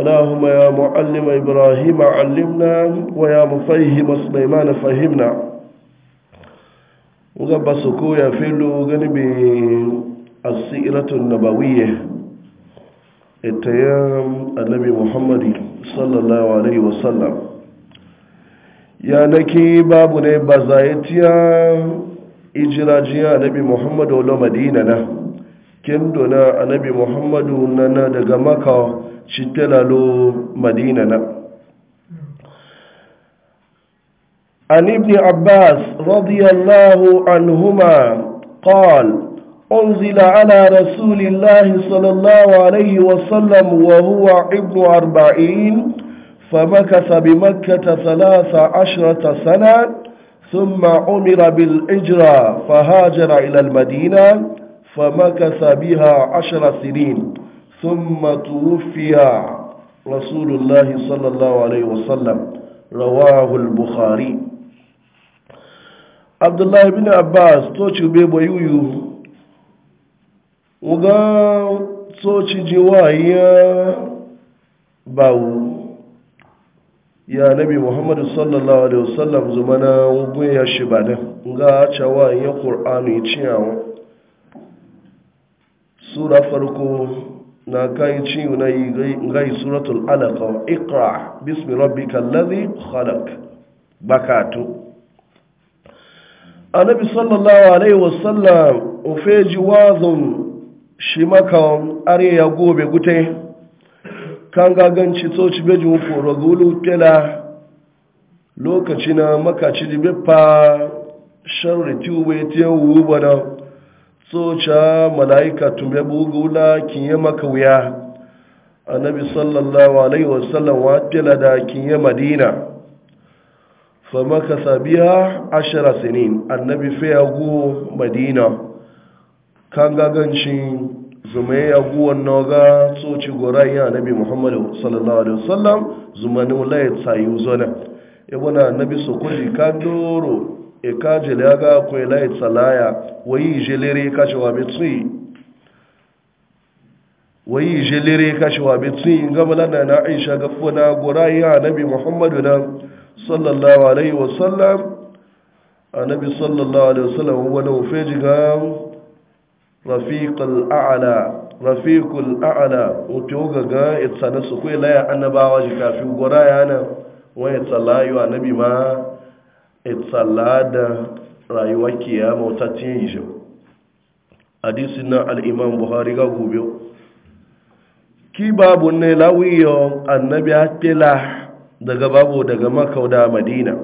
اللهم يا معلم إبراهيم علمنا ويا مفهم سليمان فهمنا وغبا سكو يا فيلو غنبي السيرة النبوية اتيام النبي محمد صلى الله عليه وسلم يا نكي بابنا بزايتيا إجراجيا zaitiya محمد ولو مديننا wala madina na kin dona annabi شتلالو madina عن ابن عباس رضي الله عنهما قال أنزل على رسول الله صلى الله عليه وسلم وهو ابن أربعين فمكث بمكة ثلاث عشرة سنة ثم أمر بالإجرة فهاجر إلى المدينة فمكث بها عشر سنين ثم توفي رسول الله صلى الله عليه وسلم رواه البخاري عبد الله بن عباس توشي بيبو يويو وغا توشي جوايا باو ya nabi muhammadu sallallahu alaihi wasallam zumana wugun ya shi ba da ga cewa ya ƙur'anu ya ciyawa sura farko na kai ci na yi gai suratul alaka ikra bismi rabbi kallazi khalak bakatu annabi sallallahu alaihi wasallam ofeji wazon shi maka are ya gobe gute kan gaganci ci beji foro ragulu tela lokaci na makaci da befa sharri tiwo ya tiyan wuba tsoca mala'ika tumbe bugula kinye maka wuya annabi sallallahu alaihi wasallam watila da kinye madina ka sabiya ashara sinin annabi fayago madina kan gagancin zume ya guwan noga tsoci gorayen annabi muhammadu sallallahu alaihi wasallam zumanin ya tsayi zona yabona annabi sokoli kan doro e ka jele aga akwai lai e tsalaya wayi e jelere kashewa betsi wayi e jelere kashewa betsi gama lana na aisha ga funa gura yi annabi muhammadu nan sallallahu alaihi wasallam annabi sallallahu alaihi wasallam wani ofe jiga rafiqul a'la rafiqul a'la wato ga ga itsana su kai ya annabawa ji kafin gura yana wani tsalayo annabi ma itsalada rayuwa kiyama ta yi shi hadisi na al'imam buhari ga gobe ki babu ne lawiyo annabi akila daga babu daga makau da madina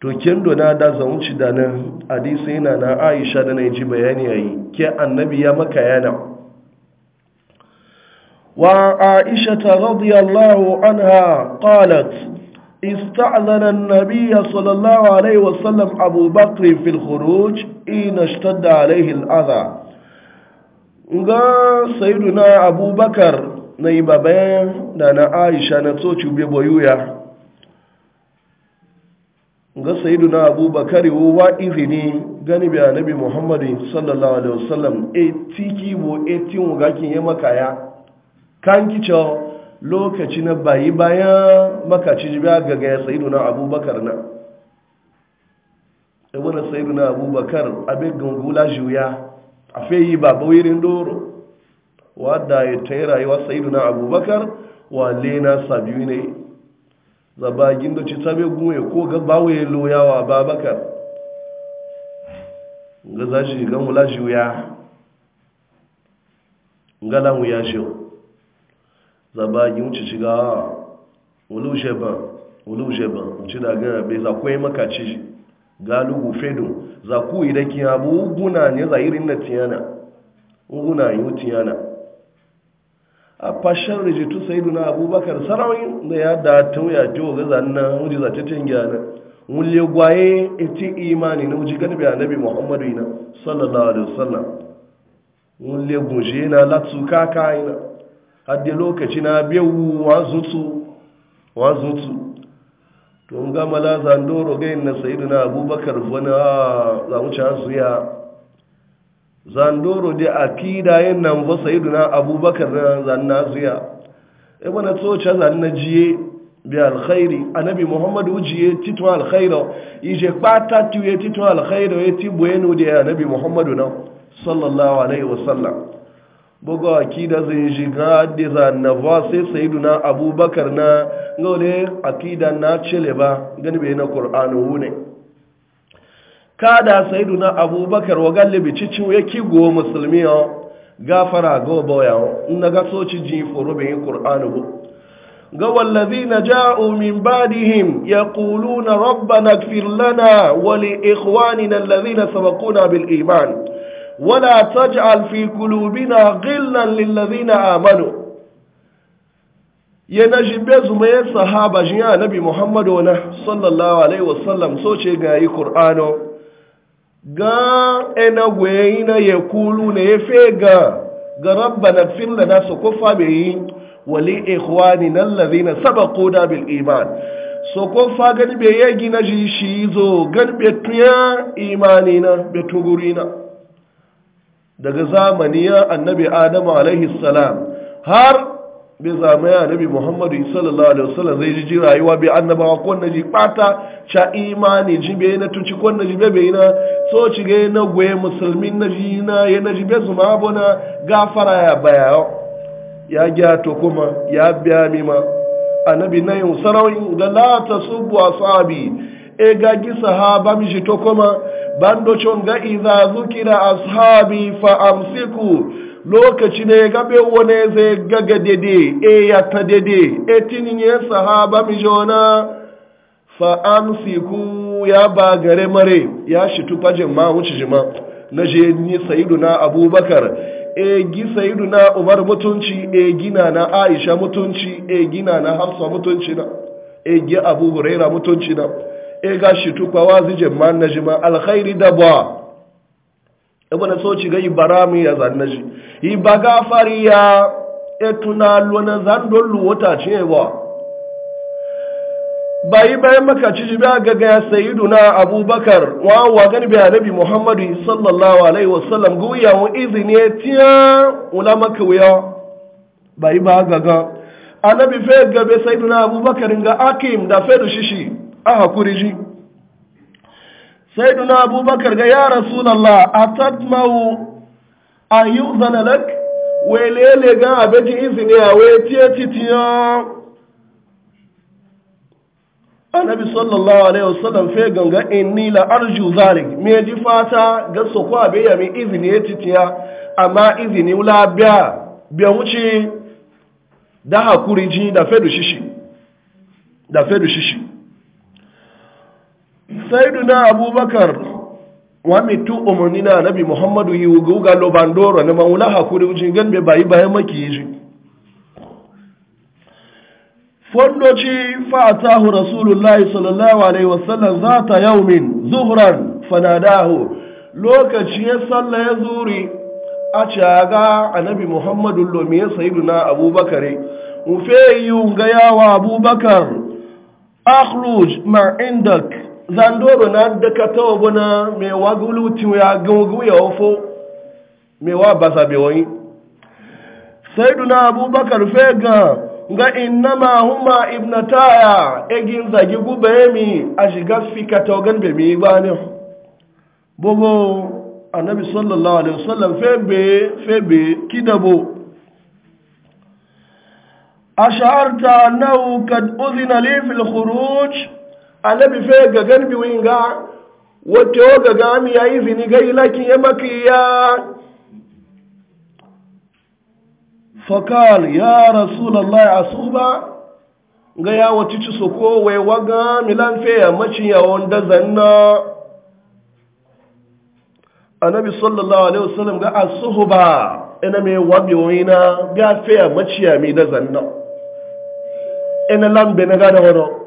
to kin dona da zaunci da nan hadisi yana na aisha da na ji bayani yayi ke annabi ya maka yana wa aisha ta radiyallahu anha qalat استعلن النبي صلى الله عليه وسلم أبو بكر في الخروج إن اشتد عليه الأذى سيدنا أبو بكر نيبا بين دانا عائشة نتوتي بيبويويا ga sayyiduna abubakar wa izini gani bi muhammadu sallallahu alaihi wasallam e tiki bo e tin wugakin ya makaya kan kicho lokaci na bayi bayan makaci jibiya gaga ya sayidu na abubakar na ibina sayidu na abubakar abin gungula juya a yi ba bawirin doro wadda ya ta yi rayuwa sayidu na abubakar wa lena sabi ne zabagin da ci tabi gume ko ga bawaye loyawa abubakar ga za shi gungula juya lamu ya shi zabagin wuce shiga wulushe ba wuce da gana bai za kwaye makaci galugu fedo za ku idan ki abu uguna ne za irin na tiyana uguna yi tiyana a fashar rijitu sai na abubakar sarawin da ya da ya ji wa gaza na wuce za ta tinga na wule gwaye iti imani na wuce gani bai annabi muhammadu ina sallallahu alaihi wasallam wule guje na latsu kaka ina Haddi lokaci na biyu wazutu wazutu tun gama lazan doro gayin na sayidu na abubakar wani zamuci hasuya zandoro da akida yin nan ba sayidu na abubakar na zanna zuya ibi na tsoce e, zanna jiye bi alkhairi anabi muhammad wujiye titun alkhairo ije kpata tiwe titun alkhairo ya e ti buwenu da anabi muhammadu na sallallahu alaihi wasallam bugu akida zai shiga da zannawa sai na abubakar na gaule akida na cile ba gani bai na ƙur'anu ne kada na abubakar wa gallibi cicin ya kigo musulmi ya gafara ga baya na ga soci ji furu bai ƙur'anu ga wallazi na ja'u min badihim ya kuluna rabbana na firlana wa li na allazina sabakuna bil iman ولا ta ji قلوبنا غلا للذين آمنوا yana jibe zuma ya sahaba jin ya nabi muhammadu na sallallahu alaihi wasallam so ce ga yi qur'ano ga ena gweyina ya kulu ne ya fe ga ga rabbana fir lana su kufa bi wali ikhwanina alladhina sabaquna bil iman so kufa gani be yegi na ji shi zo gan be tuya imani na be daga ya annabi adamu alaihi salam har bai zamaya annabi muhammadu sallallahu alaihi wasallam zai ji rayuwa bai annabawa ko na ji bata cha imani ji bai na tuci ko na ji bai na so ci ga na goye musulmin na ji na ya na ji bai zuma abuna gafara ya baya ya gya to kuma ya biya mima annabi na yin sarawi da la tasubu ashabi e gi sahaba mi to kuma bando conga iza zukira ashabi fa amsiku lokaci ne be wone ze gaga dede e ya ta dede e tininye sahaba mi jona fa amsiku ya ba gare mare ya shi tufajin ma wuce jima na je ni sayiduna abubakar e gi sayiduna umar mutunci e gina na aisha mutunci e gina na hafsa mutunci na e gi abu huraira mutunci na e ga shi tukwa zije jemman na jima alkhairi da ba ebe na soci ga ibarami ya zanna shi Ibaga gafari ya etuna lona zandon luwata ce ba bayi e maka ci ji ba ga gaya sayyiduna abubakar wa wa gani biya muhammadu sallallahu alaihi wasallam ga wuya izini e tiya ulama maka bayi ba ga annabi fe gabe sayyiduna abubakar ga akim da fe shishi a hakuri ji sai duna abubakar ga ya rasulallah a tatmawu a yi zanalak welele ga abejin izini a tiye titiyan annabi sallallahu alaihi wasallam fe ganga inni la arju zalik me ji fata ga soko abe ya mi izini ya titiya amma izini wula biya biya wuce da hakuri ji da fedu shishi da fedu shishi na abubakar wami tu umarni na nabi muhammadu yi wuga lobandoro na maula hakuri wujin gan bai bayi bayan maki yi ji fondoci Fatahu rasulullahi sallallahu alaihi wasallam za ta yaumin zuhran fanadahu lokaci ya salla ya zuri a caga a annabi muhammadu lomi ya na abubakar mu fe yi yawa abubakar akhruj ma indak zandoro na daga tawa bana mai wa gulutin ya gungu ya ofo? mai wa basa bai wani sai duna abubakar fega ga innama huma ibna ibnataya egin zagi gube mi a shiga fika taugan bai mi ba ne bugu annabi sallallahu alaihi wasallam febe febe kidabo أشعرت أنه قد أذن لي في الخروج annabi fe ga garbi winga wato ga gami yayi zini ga ilakin ya makiya fakal ya rasulullahi asuba ga ya wata ci ko wai waga milan fe ya macin ya wanda zanna annabi sallallahu alaihi wasallam ga asuba ina mai wabi wina ga fe ya maciya mi da zanna ina lambe na ga da wani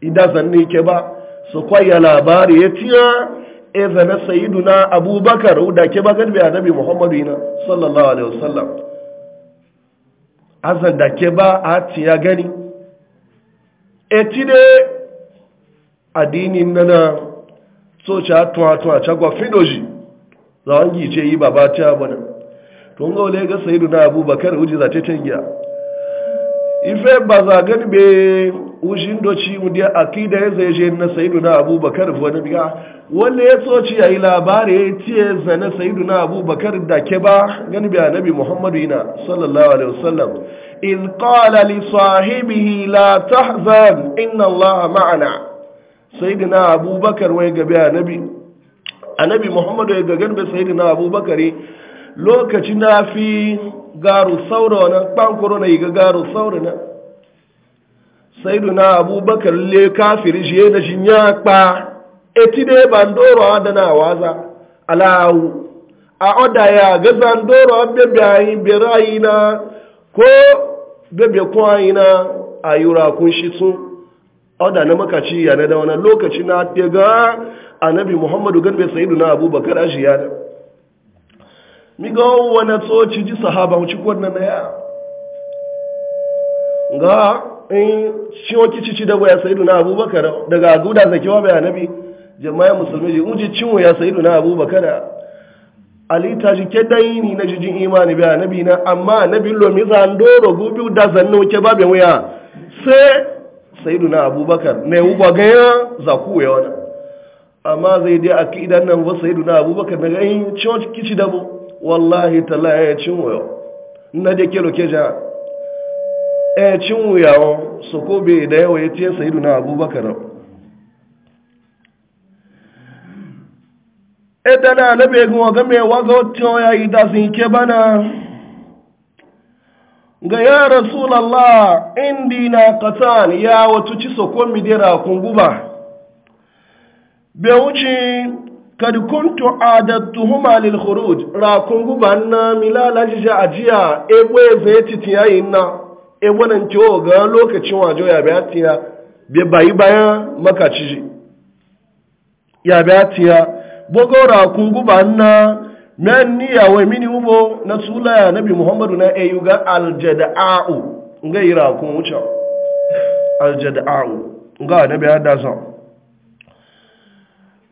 ida zanne ke ba su kwaya labari ya tiya e zane na abubakar da ke ba gadbe annabi muhammadu ina sallallahu alaihi wasallam azan da ke ba a tiya gani e ti de adinin nana soci atuwa atuwa cagwa fidoji za wangi ce yi ba ba ta bana tun ga wale ga na abubakar wuji za ta tangiya ife ba za gani be ushin doci mu da akida ya zai je na na abubakar wani biya wanda ya soci yi labari ya tiye zana na abubakar da ke ba gani biya nabi muhammadu yana sallallahu alaihi wasallam in kala li sahibihi la tahzan inna allaha ma'ana na abubakar wai ga biya nabi muhammadu ya ga gani be na abubakar lokaci na fi garu saura wani kpankuro na ga garu saura na sai na abubakar le kafiri shi da shi ya kpa eti da ban doro da na waza alawu a oda ya ga zan doro bebe ayi berayi na ko bebe ayi na ayura kun shi sun oda na makaci ya na da wani lokaci na tega annabi muhammadu gan bai saidu na abubakar ashiya da miga wani tsoci ji sahaba wuce kwanan na ya ga in ciwon cici da waya sai na abubakar daga guda zakewa bai anabi jama'a musulmi ji unji cin waya sai na abubakar ali ta ji ke daini na jijin imani bai anabi na amma anabi lomi doro gubi da zanne wuce babe wuya sai sai na abubakar ne uba gaya za ku waya wani amma zai dai akidan nan ba sai na abubakar daga in ciwon kici da bu wallahi tala ya ci wuyo na da ke loke ja ya ci wuya su ko bai da yawa ya ce sayidu e na abubakar ita na alabe kuma ga mai waga wata ya yi da ke bana ga ya rasulallah indi na katan ya wata ci sokon midera kunguba bai wuce kad kuntu adattuhuma lil khuruj ra kungu banna milala jija ajiya egbe ve titi yayin na egbe nan ciwo ga lokacin wajo ya biya tiya be bayi bayan makaci ya biya tiya bogo ra kungu banna men ni ya we mini ubo na sula ya nabi muhammadu na ayu ga aljada'u ngai ra kun wuce aljada'u ga nabi hadasan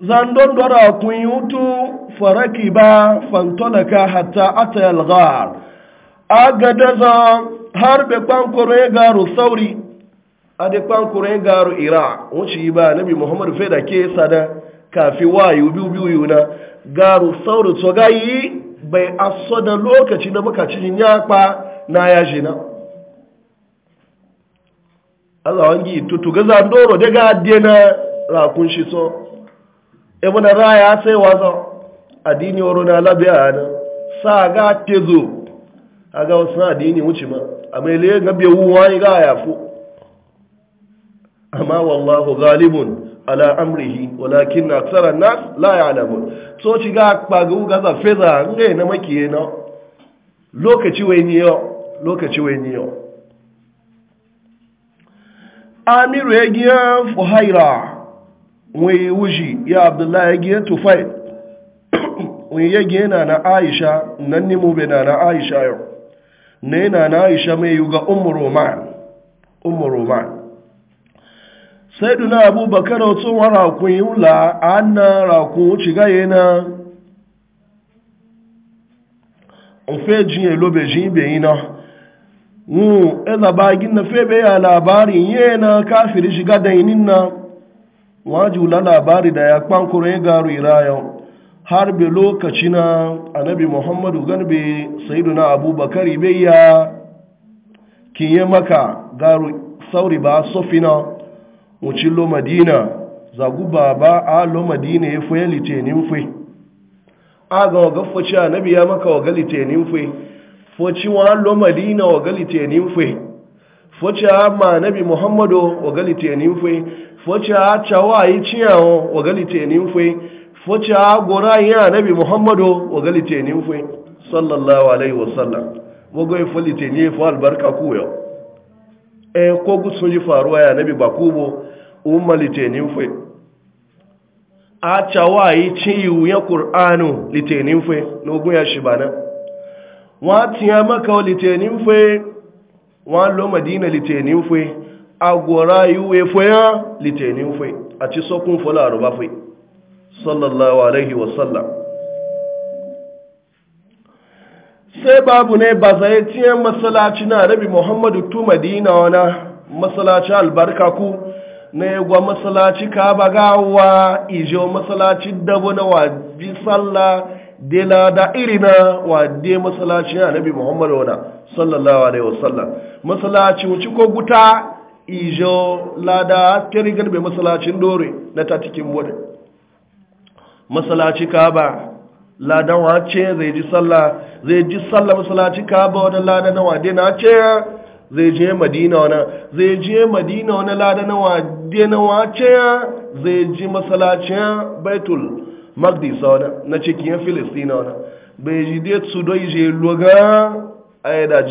zandon dora kun yutu faraki ba fantolaka hatta ata yalgar a gadaza har bai kwankuro garu sauri a da kwankuro garu ira wuce ba nabi muhammadu fai da ke sada kafi wayu biyu biyu na garu sauri to gayi bai aso da lokaci na bukacin kpa na ya jina Allah wangi tutu ga zandoro daga adena rakun shi so ebunara raya sai wazo addini waro na labiya na sa ga tezo aga wasu addini wuce ma amma ile ga biya wuwa ni ga ya fu amma wallahu ghalibun ala amrihi walakin aksara nas la ya'lamun so ci ga kpagu ga za feza ngai na makiye na lokaci wai ni yo lokaci wai ni yo amiru ya giya fuhaira wai wuji ya abdullahi ya giye tufai wai ya giye na na aisha nan ni mu na na aisha yau ne na na aisha ma yi ga ummu roman ummu roman sai duna abubakar otu wa rakun yi wula a na rakun wuce gaye na ofe jiye lobe ji ibe yi na wu ezabagin na febe ya labarin na kafiri shiga dainin na wajula labari da ya kwankuro ya garu iraya har be lokaci na annabi muhammadu garbe sayyiduna abubakar bai ya kinye maka garu sauri ba sofina wucin lo madina zaguba ba a lo madina ya fuye litenin fue a ga waga foci annabi ya maka waga litenin fue foci wa lo madina waga litenin fue foci a ma annabi muhammadu waga litenin fue focha cawa yi ciyawo wa galite nin fwe focha gora yi nabi muhammadu wa galite nin fwe sallallahu alaihi wasallam wago ifalite ni fa albarka kuyo e ko gutsun faruwa yanabi nabi bakubo ummalite nin fwe a cawa yi ciyu ya qur'anu litenin fwe nogun ya shibana na. tiya maka litenin fwe wa lo madina litenin fwe agora yuwe foya litenin fai a ci sokun fola ruba fai sallallahu alaihi wasallam sai babu ne ba zai tiye masalaci na rabi muhammadu tu madina wana masalaci albarka ku na yagwa masalaci ka bagawa ijo masalaci dabo na waji sallah de la da irina wa de na rabi Muhammadu wana sallallahu alaihi wasallam masalacin wuci ko guta ijo lada tiri garbe masalacin dore na ta cikin wani masalaci kaba ladan wace zai ji sallah zai ji sallah masalaci kaba wani lada na wade na ce zai je madina wani zai je madina wani lada na wade na wace zai ji masalacin baitul magdisa wani na cikin filistina wani bai ji dai su doi je loga a yadda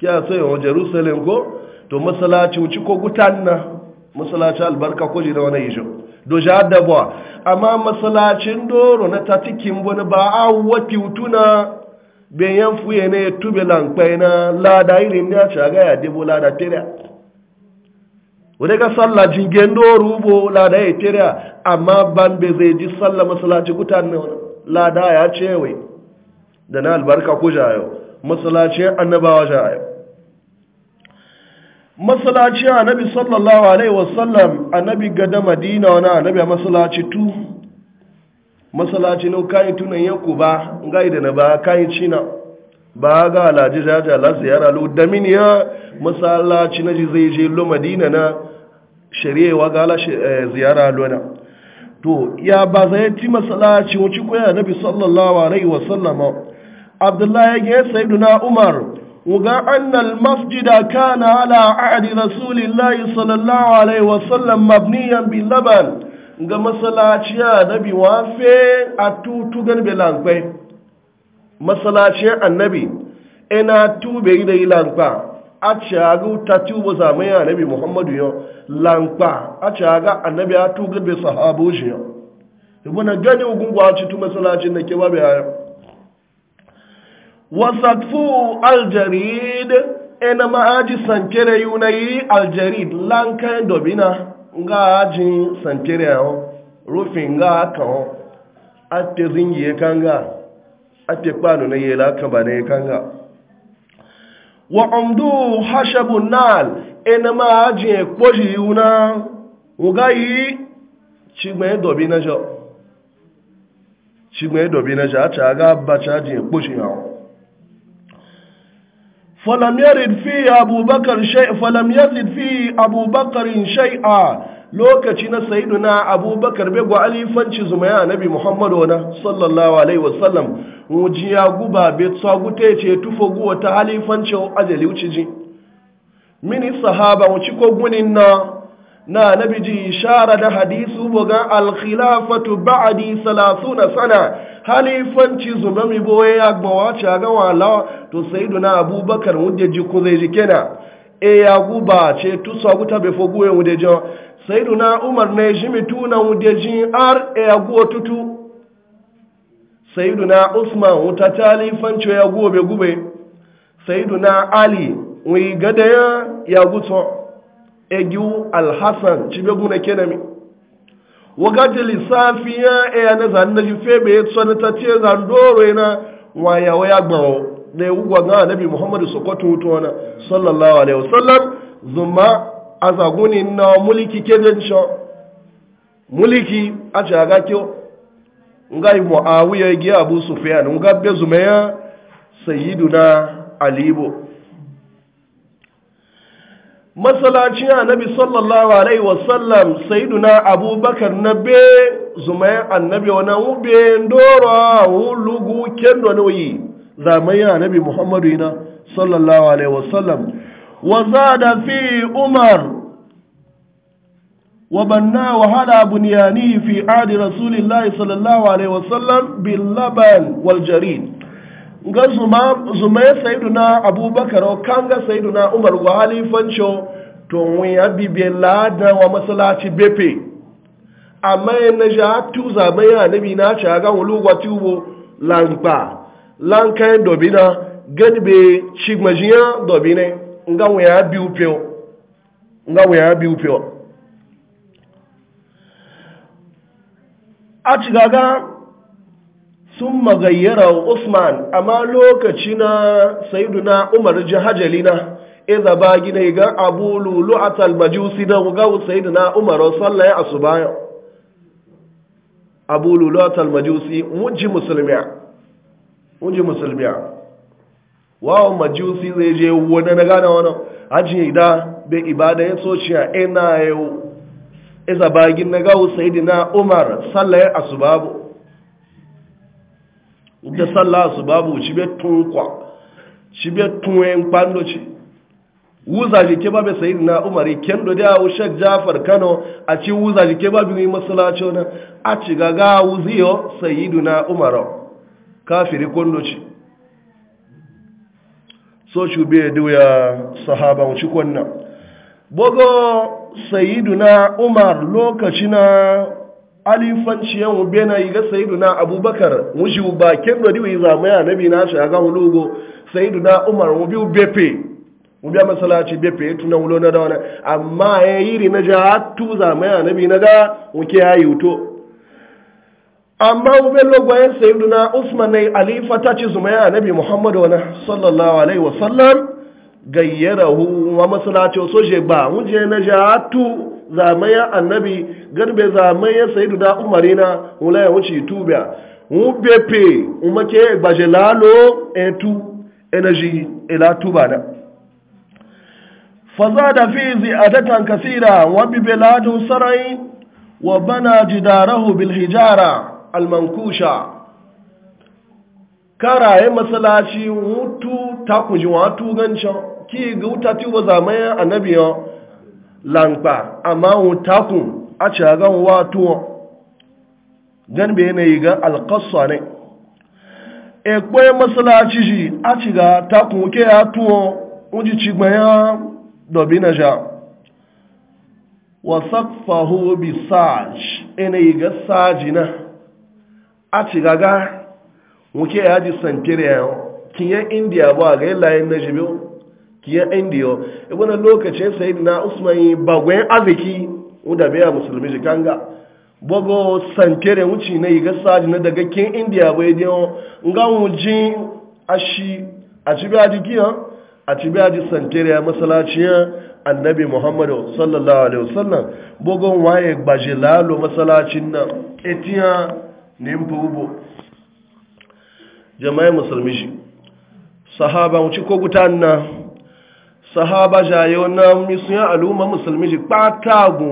kya sai yawan jerusalem ko to masalaci wuci ko gutan na masalaci albarka ko jira wani yishin do ja da buwa amma masalacin doro na cikin wani ba a wafi utuna bayan yan fuye ne tube lankwai na lada irin ne a shaga ya dibu lada tere wadda ga sallah jingen doro bo lada ya tere amma ban be zai ji sallah masalaci gutan na lada ya cewe da na albarka ko jayo masalacin annabawa jayo masalaci annabi sallallahu alaihi wasallam annabi gada madina wani annabi a masalaci tu masalaci na kayi tunan yanku ba gai da na ba kayi cina ba ga alaji jaja la ziyara lo damin ya masalaci na ji zai je lo madina na shari'a wa gala eh, ziyara lo na to ya ba zai ti masalaci wuci koya annabi sallallahu alaihi wasallam abdullahi ya ga sayyiduna umar وقع أن المسجد كان على عهد رسول الله صلى الله عليه وسلم مبنيا باللبن ga masalaci ya nabi wafe a ganbe lankwai. masalaci annabi ina tube da yi lankwa a caga ta tubo zamai ya nabi muhammadu yau lankwa a caga annabi a tu bai sahabo shi yau ibu na gani ugun gwaci tu masalacin da ke babu yau wasatfu aljarid ena ma'aji sankere yunayi aljarid lankan dobina nga aji sankere yawon rufin nga aka hon ate zingiye kanga ate kpanu na yela kan na kanga wa umdu hashabu nal ena ma'aji ekpoji yuna nga yi chigbe dobina jo dobina jo فلم يرد فيه أبو بكر شيء فلم يزد na abubakar Bego, gwa alifanci zumaya annabi muhammadu wana sallallahu alaihi wasallam wujiya guba bai tsagute ce tufo guwa ta alifanci ajali wuce ji mini sahaba wuci na na nabi ji ishara da hadisu bugan alkhilafatu ba'adi salasuna sana halifanci zuba mi boye ya gbawa ci a gawa lawa to sai duna abubakar wudde ji ku zai ji kena e ya guba ce tu so guta be fo guwe e sai duna umar ne ji mi tuna wudde ji ar e ya guwa tutu sai duna usman wuta ta talifanci ya be gube sai duna ali wi gada ya guto egiu alhassan ci be guna kenami wakati lissafi ya eya na zan na ji febe ya tsani ta ce zan ya na waya waya gbawo na ya ugwa ga nabi muhammadu sokoto hutu wana sallallahu alaihi wasallam zuma a zaguni na mulki kejen sho mulki a ce a gakyo nga yi giya abu sufiyan nga be zuma ya sayiduna alibo masalacin annabi sallallahu alaihi wasallam sayyiduna abubakar na be zumayen annabi wani ube ndora lugu kendo ne yi zamayin annabi muhammadu ina sallallahu alaihi wasallam wa zada fi umar wa banna wa hada bunyani fi adi rasulillahi sallallahu alaihi wasallam bil laban wal jarid ga zuma ya sayidu na abubakar kan ga sayidu na umar wa halifanco to mun ya bibiye lada wa masalaci bepe amma ya na ja tuza mai ya nabi na ci a gan wuluwa tubo lankpa lankan dobina gani be shigmajiya dobine nga wa ya biyu fiyo nga wa ya biyu a ci gaga sun magayyara Usman amma lokaci na sayiduna Umar jihajali na iza ba gina ga abu lulu a talmajusi na ga sayiduna Umar sallah ya asu bayan abu lulu a talmajusi wujji musulmiya wujji musulmiya wawo majusi zai je wani na gane wani hajji da bai ibada ya sociya ina yau iza ba gina ga sayiduna Umar sallah ya asu babu da sallah su babu cibe tun kwa cibe tun kwan kwandoci wuza jike ba bai sayi na umari kendo da yawo shek jafar kano a ci wuza jike ba bi masalaci wani a ci gaga wuziyo sayi na umaro kafiri kwandoci so ci bai duya sahaba wuci kwanna bogo sayi na umar lokaci na alifanci yan ube na yi ga sayiduna abubakar mushi ba ken da diwi zamaya na bi na shi a gahu lugo sayiduna umar biyu bepe Mu a masalaci bepe ya tuna wulo na da amma ya yi na ja hatu zamaya na bi na ga muke ya yi wuto amma ube logwayen sayiduna usman na alifa ta ci zumaya na bi muhammadu wani sallallahu alaihi wasallam gayyara hu wa masalaci wasu je ba je na ja hatu zamaya annabi garbe zamaya sayidu da Umarina wula ya wuce tubiya mu bepe umake gbaje lalo etu energy ila tuba da fazada fi zi'adatan kasira wa bi biladu sarai wa bana jidarahu bil hijara al mankusha karaye masalaci wutu takuji watu gancan ki ga wuta tuba zamaya annabi lankpa amma wutakun a cagan wato gan bai ganbe yi gan alkaswa ne e kwaye masalaci shi a ciga takun ke ya tuwo uji cigbaya dobi na sha wasakfahu bi saj ina yi ga saji na a ciga ga wuke ya ji santere yawon kinye indiya ba ga yi layin na jibiyo kiyan indiyo e wani lokacin sayid na usmani bagwayin arziki wadda biya musulmi shi kanga bogo sankere wuce na iga saji na daga kin indiya bai diyo nga wuji ashi a ci biya jikiya a ci biya ji sankere masalaciyar annabi muhammadu sallallahu alaihi wasallam bogo waye gbaje lalo masalacin na etiya nimfa ubo jama'i musulmi shi sahaba wuce ko gutan na sahaba jayo na misuyan al'umma musulmi ji kpata bu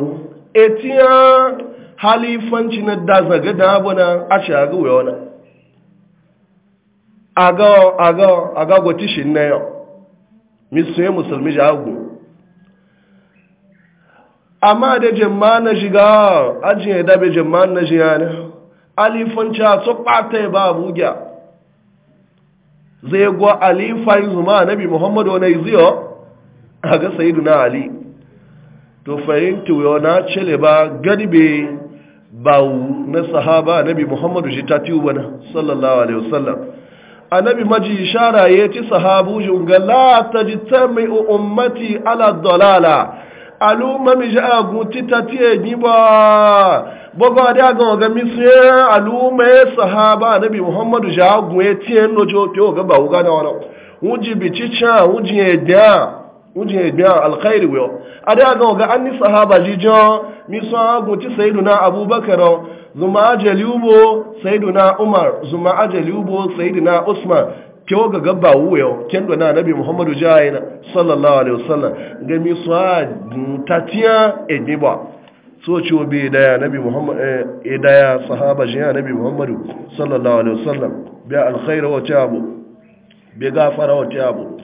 etiya halifanci na da zaga da abu na a ci aga wuya wani aga aga aga gwatishi na yau misuyan musulmi ji agu amma da jemma na shiga ajiye ya dabe jemma na shiga ne halifanci a su kpata ya ba bugya zai gwa alifan zuma nabi muhammadu wani ziyo a ga na ali to fahimta yau na cele ba gani bawu na sahaba nabi muhammadu shi ta tiwu na. sallallahu alaihi wasallam annabi maji ishara ya ci sahabu junga la ta ji tami ummati ala dalala aluma mi ja guti ta ti ni ba bogo da ga ga mi se aluma ya sahaba annabi muhammadu ja gu ya tiye no jo to ga bawu ga na wala wuji bi ci cha wuji ya da wuje biya alkhairi wo ada ga ga anni sahaba ji jo mi so agu abubakar zuma ajali ubo sayyiduna umar zuma ajali ubo sayyiduna usman kyo ga gaba wuyo kendo na nabi muhammadu jaina sallallahu alaihi wasallam ga mi so tatiya ediba so ci obi e daya nabi muhammad eh daya sahaba ji nabi muhammadu sallallahu alaihi wasallam biya alkhairi wa tabu bi gafara wa tabu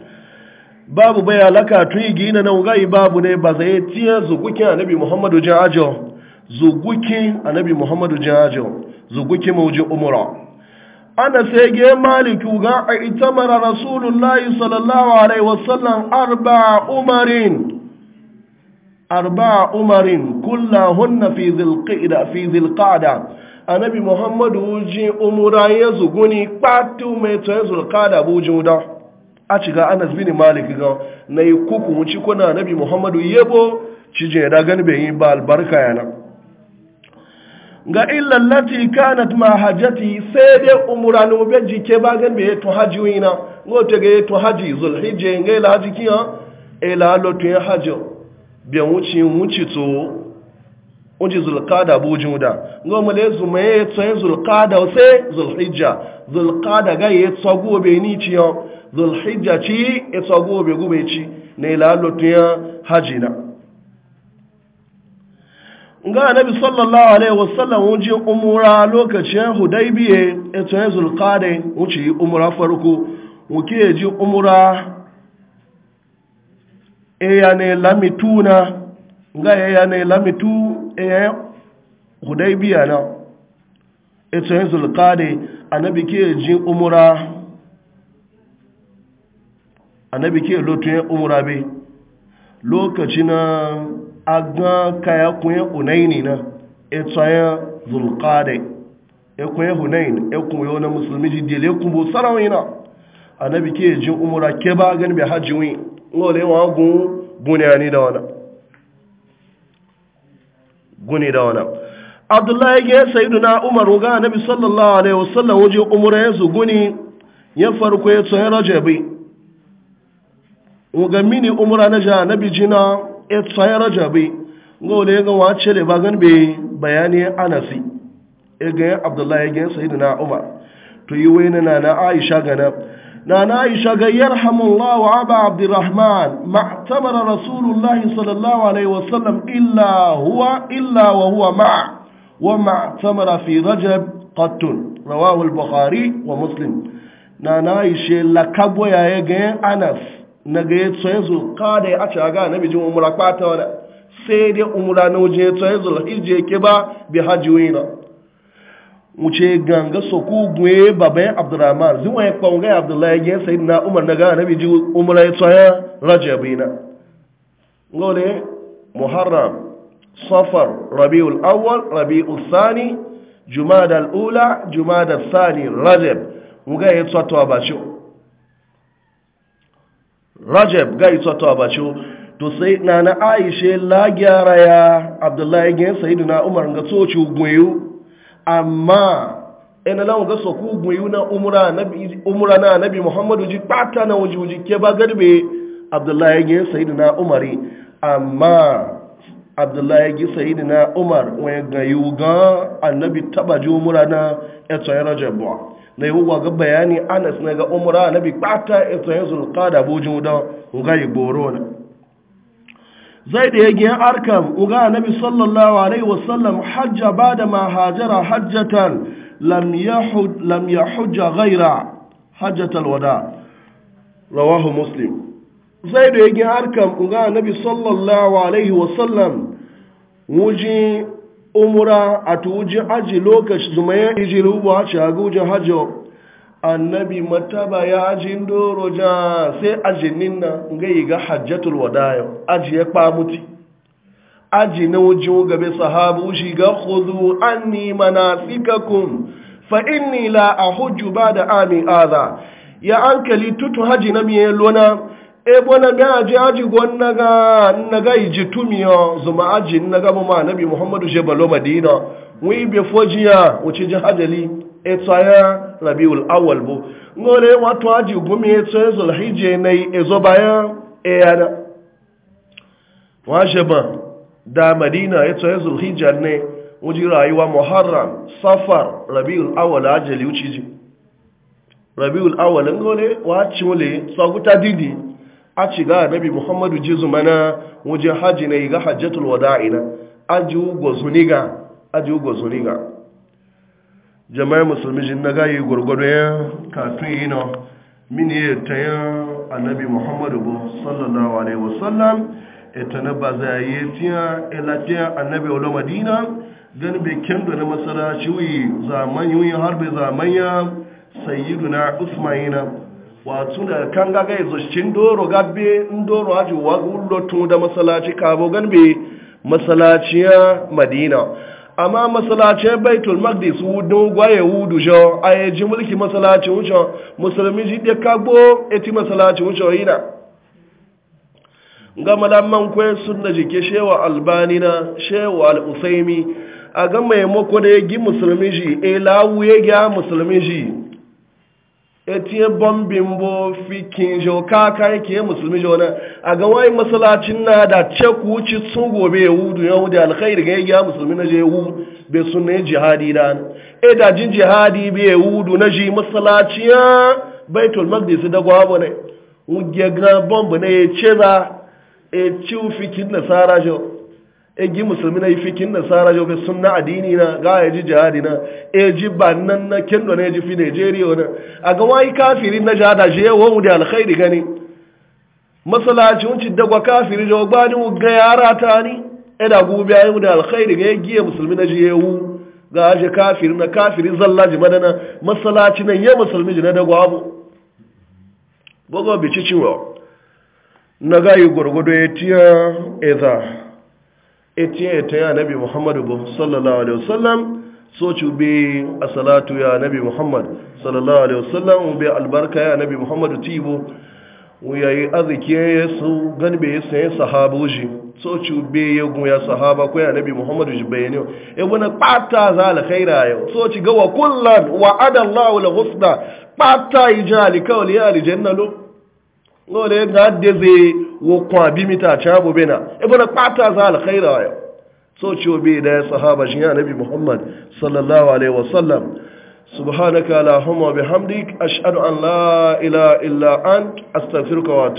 babu bai alaka tun yi gina na wugayi babu ne ba zai tiya zugukin annabi muhammadu jin ajo zugukin annabi muhammadu jin ajo zugukin mauji umura ana sai ge maliki ga a mara rasulullahi sallallahu alaihi wasallam arba umarin arba umarin hunna fi zilqida fi zilqada annabi muhammadu ji umura ya zuguni kpatu mai tsaye zulqada bujin da a ciga anas bin malik ga na yi kuku wuci kuna nabi muhammadu yabo cije ya daga bai yi ba albarka yana ga illan lati kanat ma hajjati sai dai umuran no jike ba gan bai to haji wina ngo te ga to haji zulhijja ngai la haji kiya e la lo to haji bi wuci wuci to oji zulkada bu juda ngo male zuma ye tsoye zulkada ose zulhijja zulkada ga ye tsogo be ni ci yo zulhijja ci e tsogo be gube ci ne la lotiya hajina nga nabi sallallahu alaihi wasallam uji umura lokacin hudaybiye e tsoye zulkada uci umura farko uke ji umura e ya ne lamituna nga e ya ne lamitu eh hudaybiya na eto yin zulqade annabi ke ji umra bi ke lotu ya umra be lokaci na agan kaya kun unaini na eto yin zulqade ekun hunain ekun yo na musulmi ji dele kun bo sarawina annabi ke ji umra ke ba gan be hajji wi ngole wa gun bunyani da guni da wannan abdullahi ya sayidu na umaru ga nabi sallallahu alaihi wasallam waje umura ya guni ya farko ya tsohon rajabi ga mini umura na ja nabi jina ya tsohon rajabi ga ya ga wace da bagan bai bayani anasi ya gaya abdullahi ya sayidu na umar to yi wani na na aisha ganar na na’isha ga yarhamullahu abu abdurrahman ma’atamar rasulullahi sallallahu alaihi wasallam illa huwa illa wa huwa ma’a wa ma’atamar fi rajab qattun rawahul bukhari wa muslim na na’ishe lakabo ya yi ganyen anas na ga ya kada ya aca ga na bijin umura kwata wada sai dai umura na wuce ya tsaye zo ke ba bi hajji wina wuce ganga so ku gwe baban abdurrahman zuwa ya kwanga abdullahi ya sayi na umar na gana nabi ji umar ya tsaya rajabi na ngole muharram safar rabiul awwal rabiul juma da al-ula da sani, rajab ga ya tsato abacho rajab ga ya tsato abacho to sai na na aisha la gyara ya abdullahi ya sayi na umar ga tsoci gweyu amma ina lan ga so ku mu na umra nabi umra na nabi muhammadu ji pata na wuji wuji ke ba garbe abdullahi ya sayyidina umari amma abdullahi ya sayyidina umar wa gayu ga annabi taba umra na eto ya rajab ba na yiwuwa ga bayani anas na ga umra nabi pata eto ya zulqada bujin da ga yi na zai da yage arkam uga annabi sallallahu alaihi wasallam hajja bada ma hajara hajjatan lam yahud lam yahujja ghaira hajjatal wada rawahu muslim zai da yage arkam uga annabi sallallahu alaihi wasallam wuji umra atuji aji lokaci zumaye ijilu ba shagu hajjo annabi mataba ya ajin doro jan sai ajinin nan ga yi ga hajjatul wadayo aji ya kpamuti aji na wujin gabe sahabu shi ga khudu anni manasikakum fa inni la ahujju ba'da ami aza ya ankali tutu haji na miye lona e na ga aji aji gwanna ga naga iji tumiyo zuma aji naga mu ma annabi muhammadu jebalo madina wi be fojiya ji jahajali etu aya rabiul awal bu ngore watu aji gumi etu ya zulhijje nai ezo baya e yana ba da madina etu ya zulhijja ne uji rayuwa muharram safar rabiul awal ajali uciji rabiul awal ngore wachi wule tsaguta didi a ci muhammadu jizu mana wajen hajji na yi ga hajjatul wada'ina aji ugwo zuniga aji ugwo zuniga jama'i musulmi jin na gayi gwargwado ya katun yi na mini ta yi annabi muhammadu bu sallallahu alaihi wasallam ta na ba za yi tiya ilatiya annabi wala madina gani bai kendo na masalaci wuyi zaman yi har bai zaman ya sayidu na usmanina wato da kan gaga ya cikin doro gabe in doro haji wa gullotun da masalaci kabo ganbe masalaciya madina amma masalacin baitul magdis wudun gwaye wudu jo a ji mulki masalacin wucin musulmi ji de kagbo eti masalacin wucin yina. ga malamman kwai sun ji ke shewa albani na shewa usaimi a ga mako da ya gi musulmi ji e lawu ya musulmi ji etinye bombi bo fikin jo ka kare ke musulmi na a ga wai masallacin na da ce ku wuce sun gobe yahudu yahudu alkhairi ga ya musulmi na je yahudu be sunne jihadi da e da jin jihadi be yahudu na ji masallaci ya baitul maqdis da gwabo ne mu ga bomb ne ce za e ci e fikin nasara jo egi musulmi na ifikin nasara yau bai sunna addini na ga ya ji jihadi na e ji bannan na kendo na ji fi nigeria na a ga wai kafirin na jihada je wa mu alkhairi gani masalaci unci dagwa kafiri da gbani mu ga yara ta ni e da gobe ayi mu da alkhairi ga e giye musulmi na je wu ga aje kafiri na kafiri zalla ji madana masalaci na ya musulmi ji na dagwa abu bogo bi cicin na ga yi gurgudu ya tiya eza etinye ta ya nabi muhammadu bu sallallahu alaihi wasallam so ci bi a salatu ya nabi muhammad sallallahu alaihi wasallam bi albarka ya nabi muhammadu tibo yi arziki ya su ganbe ya sayi sahabu shi so ci bi ya ya sahaba ko ya nabi muhammadu shi bayani ya e wani pata za alkhaira yau so ci gawa kullum wa adallahu la husna pata ijali kawli ya aljanna lo ga deze wo kwa bi mita chabu bena ibn qata za al khaira wa so ciwo da sahaba shi ya nabi muhammad sallallahu alaihi wasallam subhanaka allahumma bihamdik ashhadu an la ilaha illa ant astaghfiruka wa